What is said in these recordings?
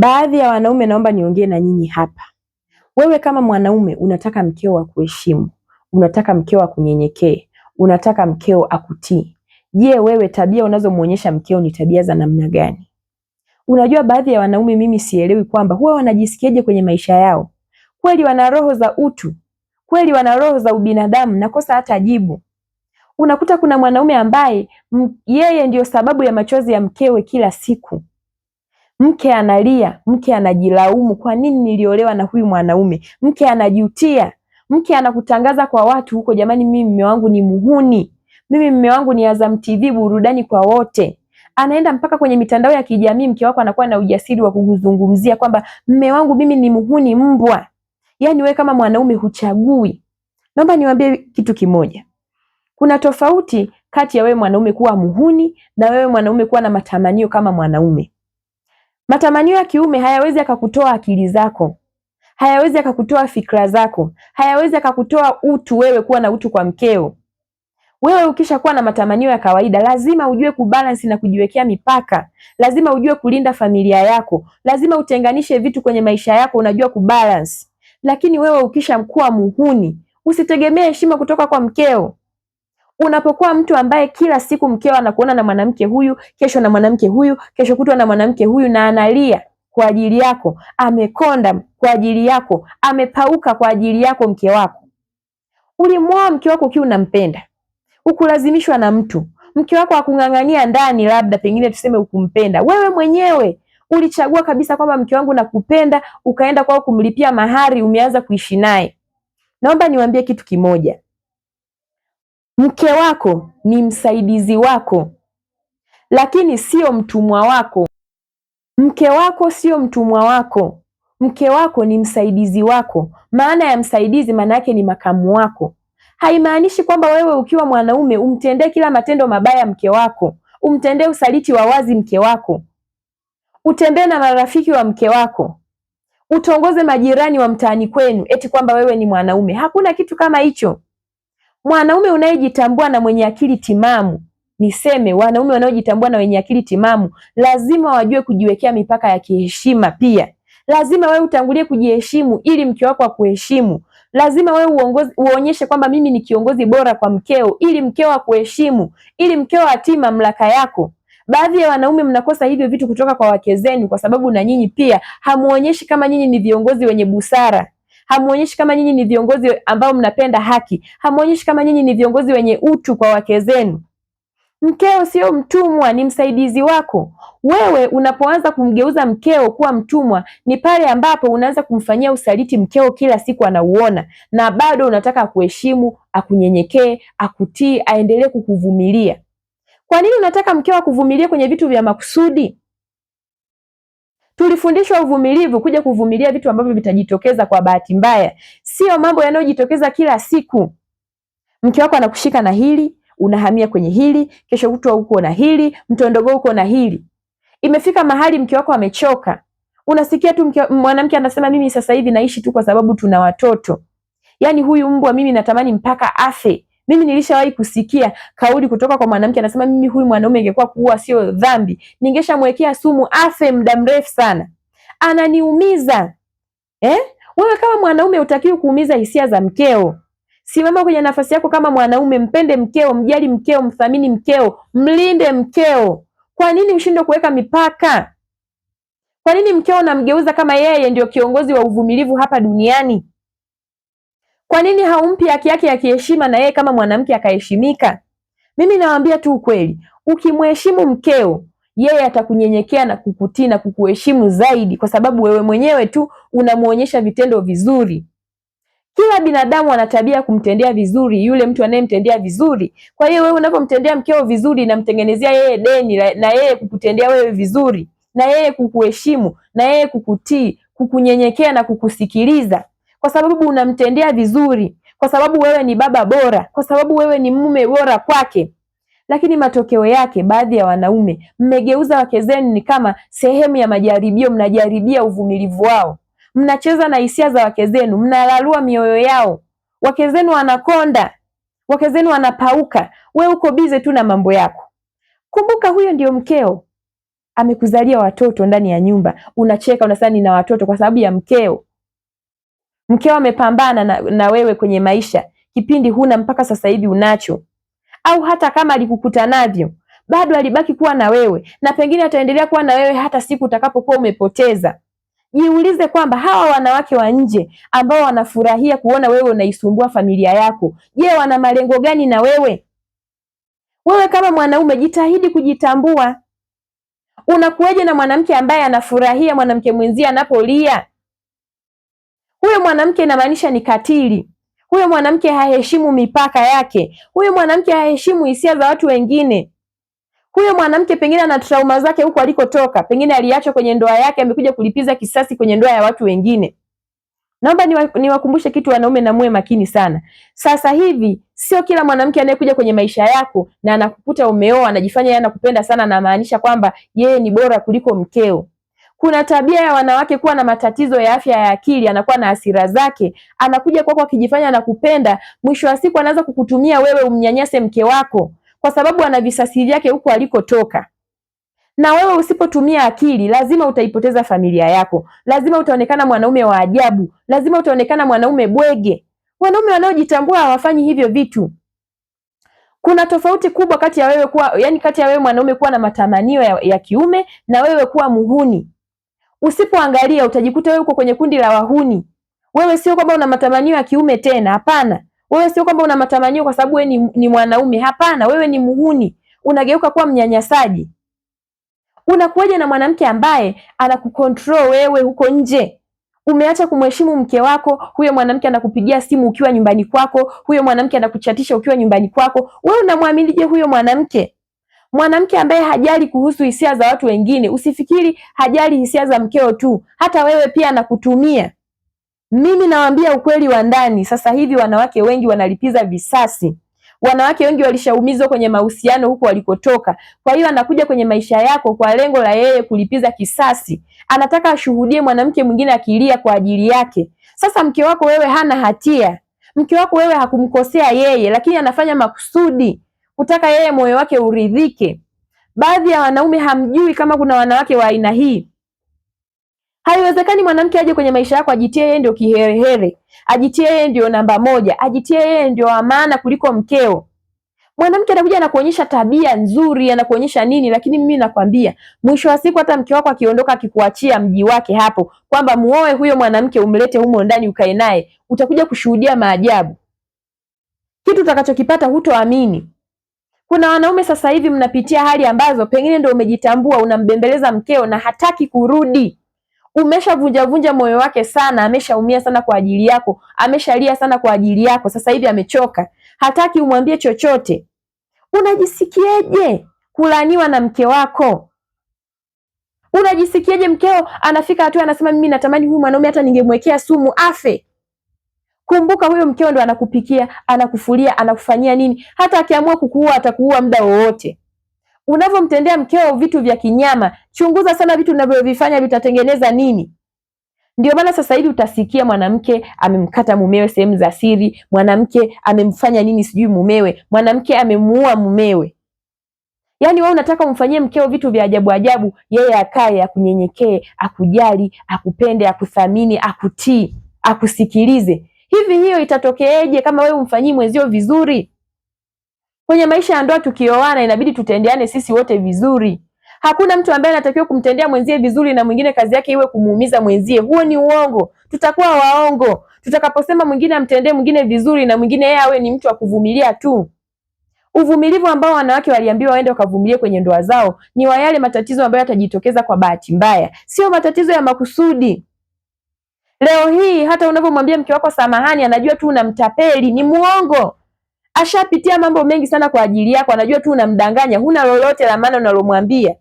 Baadhi ya wanaume, naomba niongee na nyinyi hapa. Wewe kama mwanaume unataka mkeo wa kuheshimu, unataka mkeo akunyenyekee, unataka mkeo akutii. Je, wewe tabia unazomwonyesha mkeo ni tabia za namna gani? Unajua, baadhi ya wanaume mimi sielewi kwamba huwa wanajisikiaje kwenye maisha yao. Kweli wana roho za utu, kweli wana roho za ubinadamu, nakosa hata jibu. Unakuta kuna mwanaume ambaye yeye ndiyo sababu ya machozi ya mkewe kila siku Mke analia, mke anajilaumu, kwa nini niliolewa na huyu mwanaume? Mke anajutia, mke anakutangaza kwa watu huko, jamani, mimi mume wangu ni muhuni, mimi mume wangu ni Azam TV burudani kwa wote. Anaenda mpaka kwenye mitandao ya kijamii, mke wako anakuwa na ujasiri wa kukuzungumzia kwamba mume wangu mimi ni muhuni, mbwa. Yaani wewe kama mwanaume huchagui. Naomba niwaambie kitu kimoja, kuna tofauti kati ya wewe mwanaume kuwa muhuni na wewe mwanaume kuwa na matamanio kama mwanaume. Matamanio ya kiume hayawezi akakutoa akili zako, hayawezi yakakutoa fikra zako, hayawezi yakakutoa utu, wewe kuwa na utu kwa mkeo. Wewe ukisha kuwa na matamanio ya kawaida, lazima ujue kubalansi na kujiwekea mipaka, lazima ujue kulinda familia yako, lazima utenganishe vitu kwenye maisha yako, unajua kubalansi. Lakini wewe ukisha kuwa muhuni, usitegemee heshima kutoka kwa mkeo. Unapokuwa mtu ambaye kila siku mkeo anakuona na mwanamke huyu, kesho na mwanamke huyu, kesho kutwa na mwanamke huyu, na analia kwa ajili yako, amekonda kwa ajili yako, amepauka kwa ajili yako. Mke wako ulimwoa mke wako ukiwa unampenda, ukulazimishwa na mtu. Mke wako akung'ang'ania ndani, labda pengine tuseme ukumpenda wewe mwenyewe ulichagua kabisa kwamba mke wangu nakupenda, ukaenda kwao kumlipia mahari, umeanza kuishi naye. Naomba niwaambie kitu kimoja, Mke wako ni msaidizi wako, lakini sio mtumwa wako. Mke wako sio mtumwa wako, mke wako ni msaidizi wako. Maana ya msaidizi, maana yake ni makamu wako. Haimaanishi kwamba wewe ukiwa mwanaume umtendee kila matendo mabaya mke wako, umtendee usaliti wa wazi mke wako, utembee na marafiki wa mke wako, utongoze majirani wa mtaani kwenu, eti kwamba wewe ni mwanaume. Hakuna kitu kama hicho. Mwanaume unayejitambua na mwenye akili timamu, niseme wanaume wanaojitambua na wenye akili timamu lazima wajue kujiwekea mipaka ya kiheshima pia. Lazima wewe utangulie kujiheshimu ili mke wako akuheshimu. Lazima wewe uongozi, uonyeshe kwamba mimi ni kiongozi bora kwa mkeo ili mkeo akuheshimu, ili mkeo atii mamlaka yako. Baadhi ya wanaume mnakosa hivyo vitu kutoka kwa wake zenu kwa sababu na nyinyi pia hamuonyeshi kama nyinyi ni viongozi wenye busara hamuonyeshi kama nyinyi ni viongozi ambao mnapenda haki, hamuonyeshi kama nyinyi ni viongozi wenye utu kwa wake zenu. Mkeo sio mtumwa, ni msaidizi wako. Wewe unapoanza kumgeuza mkeo kuwa mtumwa, ni pale ambapo unaanza kumfanyia usaliti mkeo, kila siku anauona, na bado unataka akuheshimu, akunyenyekee, akutii, aendelee kukuvumilia. Kwa nini unataka mkeo akuvumilie kwenye vitu vya makusudi? Tulifundishwa uvumilivu, kuja kuvumilia vitu ambavyo vitajitokeza kwa bahati mbaya, sio mambo yanayojitokeza kila siku. Mke wako anakushika na hili, unahamia kwenye hili, kesho kutwa uko na hili, mtondogo uko na hili. Imefika mahali mke wako amechoka. Unasikia tu mwanamke anasema mimi sasa hivi naishi tu kwa sababu tuna watoto. Yaani huyu mbwa mimi natamani mpaka afe. Mimi nilishawahi kusikia kauli kutoka kwa mwanamke anasema, mimi huyu mwanaume ingekuwa kuua sio dhambi, ningeshamwekea sumu afe muda mrefu sana, ananiumiza eh? Wewe kama mwanaume utakiwi kuumiza hisia za mkeo. Simama kwenye nafasi yako kama mwanaume, mpende mkeo, mjali mkeo, mthamini mkeo, mlinde mkeo. Kwa nini ushindwe kuweka mipaka? Kwa nini mkeo unamgeuza kama yeye ndio kiongozi wa uvumilivu hapa duniani? Kwa nini haumpi haki yake ya kiheshima na yeye kama mwanamke akaheshimika? Mimi nawaambia tu ukweli, ukimheshimu mkeo yeye atakunyenyekea na kukutii na kukuheshimu zaidi, kwa sababu wewe mwenyewe tu unamwonyesha vitendo vizuri. Kila binadamu ana tabia kumtendea vizuri yule mtu anayemtendea vizuri. Kwa hiyo wewe unapomtendea mkeo vizuri, namtengenezea yeye deni na yeye kukutendea wewe vizuri, na yeye kukuheshimu, na yeye kukutii, kukunyenyekea na kukusikiliza kwa sababu unamtendea vizuri, kwa sababu wewe ni baba bora, kwa sababu wewe ni mume bora kwake. Lakini matokeo yake, baadhi ya wanaume mmegeuza wake zenu ni kama sehemu ya majaribio, mnajaribia uvumilivu wao, mnacheza na hisia za wake zenu, mnalalua mioyo yao. Wake zenu wanakonda, wake zenu wanapauka, we uko bize tu na mambo yako. Kumbuka, huyo ndio mkeo, amekuzalia watoto ndani ya nyumba. Unacheka unasema nina watoto kwa sababu ya mkeo. Mkeo amepambana na, na wewe kwenye maisha kipindi huna mpaka sasa hivi unacho, au hata kama alikukuta navyo bado alibaki kuwa na wewe na pengine ataendelea kuwa na wewe hata siku utakapokuwa umepoteza. Jiulize kwamba hawa wanawake wa nje ambao wanafurahia kuona wewe unaisumbua familia yako, je, wana malengo gani na wewe? Wewe kama mwanaume jitahidi kujitambua. Unakuweje na mwanamke ambaye anafurahia mwanamke mwenzie anapolia? Huyo mwanamke inamaanisha ni katili. Huyo mwanamke haheshimu mipaka yake. Huyo mwanamke haheshimu hisia za watu wengine. Huyo mwanamke pengine ana trauma zake huko alikotoka, pengine aliachwa kwenye ndoa yake, amekuja kulipiza kisasi kwenye ndoa ya watu wengine. Naomba niwakumbushe kitu wanaume, na muwe makini sana. Sasa hivi sio kila mwanamke anayekuja kwenye maisha yako na anakukuta umeoa, anajifanya yeye anakupenda sana, anamaanisha kwamba yeye ni bora kuliko mkeo. Kuna tabia ya wanawake kuwa na matatizo ya afya ya akili, anakuwa na hasira zake, anakuja kwako akijifanya anakupenda, mwisho wa siku anaanza kukutumia wewe umnyanyase mke wako, kwa sababu ana visasi vyake huko alikotoka. Na wewe usipotumia akili, lazima utaipoteza familia yako, lazima utaonekana mwanaume wa ajabu, lazima utaonekana mwanaume bwege. Wanaume wanaojitambua hawafanyi hivyo vitu. Kuna tofauti kubwa kati ya wewe kuwa, yani kati ya wewe mwanaume kuwa na matamanio ya, ya kiume na wewe kuwa muhuni. Usipoangalia utajikuta wewe uko kwenye kundi la wahuni. Wewe sio kwamba una matamanio ya kiume tena, hapana. Wewe sio kwamba una matamanio kwa sababu wewe ni, ni mwanaume, hapana. Wewe ni muhuni, unageuka kuwa mnyanyasaji. Unakuja na mwanamke ambaye anakukontrol wewe huko nje? Umeacha kumheshimu mke wako. Huyo mwanamke anakupigia simu ukiwa nyumbani kwako, huyo mwanamke anakuchatisha ukiwa nyumbani kwako. Wewe unamwaminije huyo mwanamke? Mwanamke ambaye hajali kuhusu hisia za watu wengine, usifikiri hajali hisia za mkeo tu, hata wewe pia anakutumia. Mimi nawaambia ukweli wa ndani, sasa hivi wanawake wengi wanalipiza visasi. Wanawake wengi walishaumizwa kwenye mahusiano huko walikotoka. Kwa hiyo anakuja kwenye maisha yako kwa lengo la yeye kulipiza kisasi, anataka ashuhudie mwanamke mwingine akilia kwa ajili yake. Sasa mke wako wewe hana hatia, mke wako wewe hakumkosea yeye, lakini anafanya makusudi kutaka yeye moyo wake uridhike. Baadhi ya wanaume hamjui kama kuna wanawake wa aina hii. Haiwezekani mwanamke aje kwenye maisha yako ajitie yeye ndio kiherehere, ajitie yeye ndio namba moja, ajitie yeye ndio wa maana kuliko mkeo. Mwanamke anakuja anakuonyesha tabia nzuri, anakuonyesha nini, lakini mimi nakwambia mwisho wa siku hata mke wako akiondoka, akikuachia mji wake hapo, kwamba muoe huyo mwanamke umlete humo ndani ukae naye, utakuja kushuhudia maajabu. Kitu utakachokipata hutoamini. Kuna wanaume sasa hivi mnapitia hali ambazo pengine ndio umejitambua, unambembeleza mkeo na hataki kurudi, umeshavunjavunja moyo wake sana, ameshaumia sana kwa ajili yako, ameshalia sana kwa ajili yako, sasa hivi amechoka, hataki umwambie chochote. Unajisikieje kulaniwa na mke wako? Unajisikieje mkeo anafika hatua anasema, mimi natamani huyu mwanaume hata ningemwekea sumu afe. Kumbuka huyo mkeo ndo anakupikia, anakufulia, anakufanyia nini. Hata akiamua kukuua atakuua muda wowote. Unavyomtendea mkeo vitu vya kinyama, chunguza sana vitu unavyovifanya vitatengeneza nini. Ndio maana sasa hivi utasikia mwanamke amemkata mumewe sehemu za siri, mwanamke amemfanya nini sijui mumewe, mwanamke amemuua mumewe. Yaani wewe unataka umfanyie mkeo vitu vya ajabu ajabu, yeye akae akunyenyekee, akujali, akupende, akuthamini, akutii, akusikilize. Hivi hiyo itatokeeje kama wewe umfanyii mwenzio vizuri? Kwenye maisha ya ndoa tukioana, inabidi tutendeane sisi wote vizuri. Hakuna mtu ambaye anatakiwa kumtendea mwenzie vizuri na mwingine kazi yake iwe kumuumiza mwenzie. Huo ni uongo, tutakuwa waongo tutakaposema mwingine amtendee mwingine vizuri na mwingine yeye awe ni mtu wa kuvumilia tu. Uvumilivu ambao wanawake waliambiwa waende wakavumilie kwenye ndoa zao ni wa yale matatizo ambayo yatajitokeza kwa bahati mbaya, sio matatizo ya makusudi. Leo hii hata unavyomwambia mke wako samahani, anajua tu unamtapeli, ni muongo. Ashapitia mambo mengi sana kwa ajili yako, anajua tu unamdanganya, huna lolote la maana unalomwambia.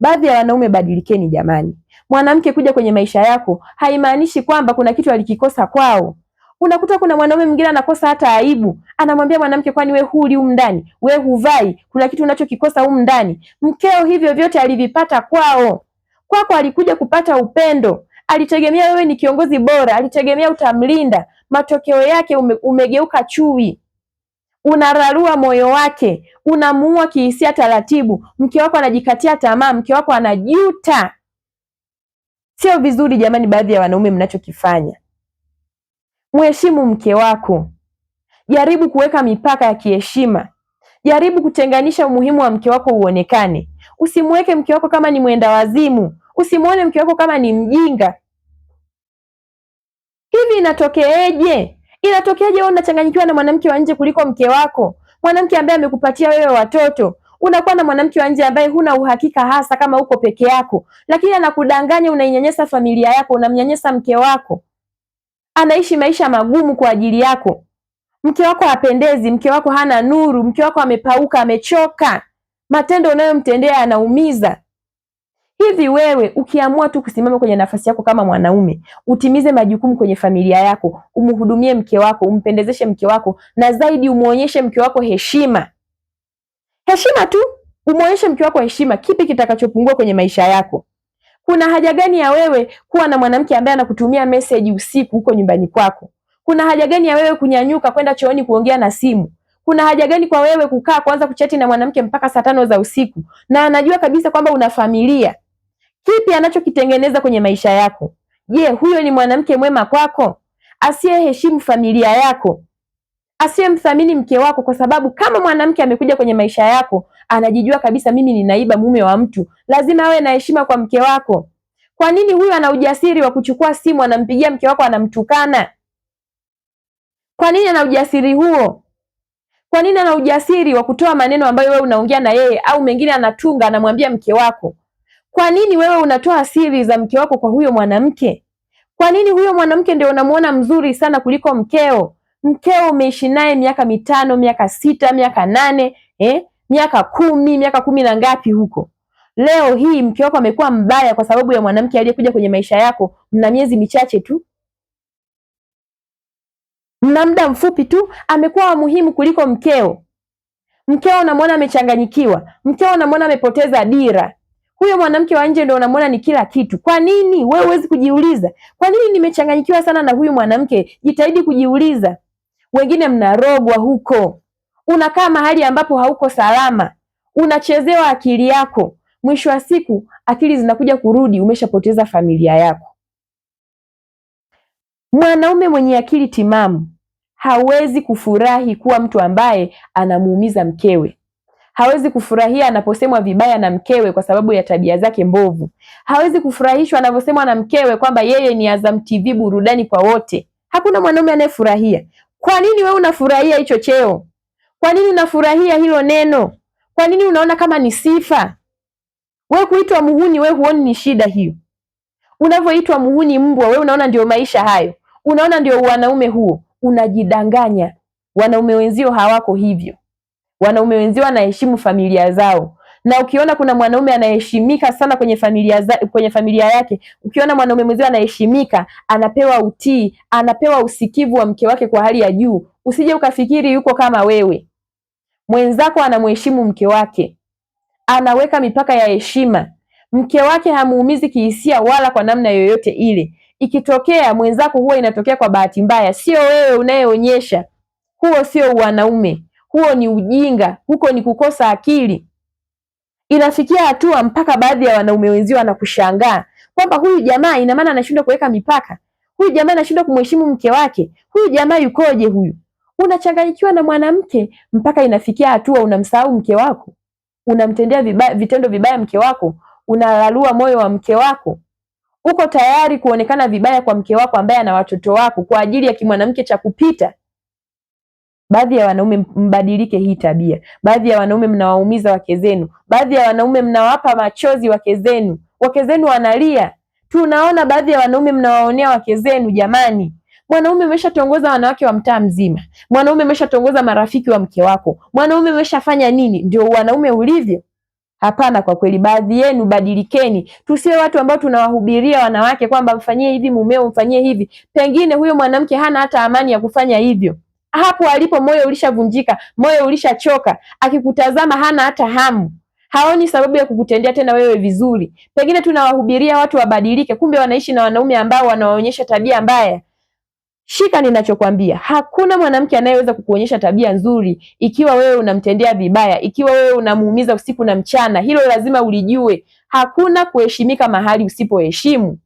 Baadhi ya wanaume, badilikeni jamani. Mwanamke kuja kwenye maisha yako haimaanishi kwamba kuna kitu alikikosa kwao. Unakuta kuna mwanaume mwingine anakosa hata aibu, anamwambia mwanamke, kwani we huli humu ndani, we huvai, kuna kitu unachokikosa humu ndani. Mkeo hivyo vyote alivipata kwao, kwako alikuja kupata upendo alitegemea wewe ni kiongozi bora, alitegemea utamlinda. Matokeo yake ume, umegeuka chui, unararua moyo wake, unamuua kihisia taratibu. Mke wako anajikatia tamaa, mke wako anajuta. Sio vizuri jamani, baadhi ya wanaume mnachokifanya. Mheshimu mke wako, jaribu kuweka mipaka ya kiheshima, jaribu kutenganisha umuhimu wa mke wako uonekane. Usimweke mke wako kama ni mwenda wazimu Usimwone mke wako kama ni mjinga. Hivi inatokeeje? Inatokeaje wewe unachanganyikiwa na mwanamke wa nje kuliko mke wako, mwanamke ambaye amekupatia wewe watoto unakuwa na mwanamke wa nje ambaye huna uhakika hasa kama uko peke yako, lakini anakudanganya, unainyanyasa familia yako, unamnyanyasa mke wako, anaishi maisha magumu kwa ajili yako. Mke wako hapendezi, mke wako hana nuru, mke wako amepauka, amechoka. Matendo unayomtendea yanaumiza. Hivi wewe ukiamua tu kusimama kwenye nafasi yako kama mwanaume, utimize majukumu kwenye familia yako, umhudumie mke wako, umpendezeshe mke wako, na zaidi umwonyeshe mke wako heshima. Heshima tu, umuonyeshe mke wako heshima. Kipi kitakachopungua kwenye maisha yako? Kuna haja gani ya wewe kuwa na mwanamke ambaye anakutumia meseji usiku huko nyumbani kwako? Kuna haja gani ya wewe kunyanyuka kwenda chooni kuongea na simu? Kuna haja gani kwa wewe kukaa kuanza kuchati na mwanamke mpaka saa tano za usiku, na anajua kabisa kwamba una familia kipi anachokitengeneza kwenye maisha yako? Je, huyo ni mwanamke mwema kwako, asiyeheshimu familia yako, asiyemthamini mke wako? Kwa sababu kama mwanamke amekuja kwenye maisha yako anajijua kabisa, mimi ninaiba mume wa mtu, lazima awe na heshima kwa mke wako. Kwa nini huyo ana ujasiri wa kuchukua simu anampigia mke wako anamtukana? Kwa nini ana ujasiri huo? Kwa nini ana ujasiri wa kutoa maneno ambayo wewe unaongea na yeye, au mengine anatunga anamwambia mke wako? Kwa nini wewe unatoa siri za mke wako kwa huyo mwanamke? Kwa nini huyo mwanamke ndio unamuona mzuri sana kuliko mkeo? Mkeo umeishi naye miaka mitano, miaka sita, miaka nane, eh? miaka kumi, miaka kumi na ngapi huko. Leo hii mke wako amekuwa mbaya kwa sababu ya mwanamke aliyekuja kwenye maisha yako, mna miezi michache tu, mna muda mfupi tu, amekuwa muhimu kuliko mkeo. Mkeo unamwona amechanganyikiwa, mkeo unamwona amepoteza dira huyo mwanamke wa nje ndo unamwona ni kila kitu. Kwa nini wewe huwezi kujiuliza? Kwa nini nimechanganyikiwa sana na huyu mwanamke? Jitahidi kujiuliza. Wengine mnarogwa huko, unakaa mahali ambapo hauko salama, unachezewa akili yako. Mwisho wa siku akili zinakuja kurudi, umeshapoteza familia yako. Mwanaume mwenye akili timamu hawezi kufurahi kuwa mtu ambaye anamuumiza mkewe. Hawezi kufurahia anaposemwa vibaya na mkewe kwa sababu ya tabia zake mbovu. Hawezi kufurahishwa anavyosemwa na mkewe kwamba yeye ni Azam TV burudani kwa wote. Hakuna mwanaume anayefurahia. Kwa nini wewe unafurahia hicho cheo? Kwa nini unafurahia hilo neno? Kwa nini unaona kama ni sifa? Wewe kuitwa muhuni, wewe huoni ni shida hiyo? Unavyoitwa muhuni mbwa, wewe unaona ndio maisha hayo, unaona ndio wanaume huo. Unajidanganya. Wanaume wenzio hawako hivyo wanaume wenzio wanaheshimu familia zao na ukiona kuna mwanaume anaheshimika sana kwenye familia za, kwenye familia yake, ukiona mwanaume mwenzio anaheshimika, anapewa utii, anapewa usikivu wa mke wake kwa hali ya juu, usije ukafikiri yuko kama wewe. Mwenzako anamheshimu mke wake, anaweka mipaka ya heshima, mke wake hamuumizi kihisia wala kwa namna yoyote ile. Ikitokea mwenzako, huwa inatokea kwa bahati mbaya, sio wewe unayeonyesha, huo sio wanaume huo ni ujinga, huko ni kukosa akili. Inafikia hatua mpaka baadhi ya wanaume wenzio wanakushangaa kwamba huyu jamaa, ina maana anashindwa kuweka mipaka, huyu jamaa anashindwa kumheshimu mke wake, huyu jamaa yukoje huyu? Unachanganyikiwa na mwanamke mpaka inafikia hatua unamsahau mke wako, unamtendea vibaya, vitendo vibaya mke wako, unalalua moyo wa mke wako uko tayari kuonekana vibaya kwa mke wako ambaye ana watoto wako kwa ajili ya kimwanamke cha kupita. Baadhi ya wanaume mbadilike hii tabia. Baadhi ya wanaume mnawaumiza wake zenu, baadhi ya wanaume mnawapa machozi wake zenu, wake zenu wanalia. Tunaona baadhi ya wanaume mnawaonea wake zenu. Jamani, mwanaume ameshatongoza wanawake wa mtaa mzima, mwanaume ameshatongoza marafiki wa mke wako, mwanaume ameshafanya nini? Ndio wanaume ulivyo? Hapana, kwa kweli, baadhi yenu badilikeni. Tusiwe watu ambao tunawahubiria wanawake kwamba mfanyie hivi mumeo, mfanyie hivi. Pengine huyo mwanamke hana hata amani ya kufanya hivyo hapo alipo moyo ulishavunjika, moyo ulishachoka. Akikutazama hana hata hamu, haoni sababu ya kukutendea tena wewe vizuri. Pengine tunawahubiria watu wabadilike, kumbe wanaishi na wanaume ambao wanawaonyesha tabia mbaya. Shika ninachokwambia, hakuna mwanamke anayeweza kukuonyesha tabia nzuri ikiwa wewe unamtendea vibaya, ikiwa wewe unamuumiza usiku na mchana. Hilo lazima ulijue. Hakuna kuheshimika mahali usipoheshimu.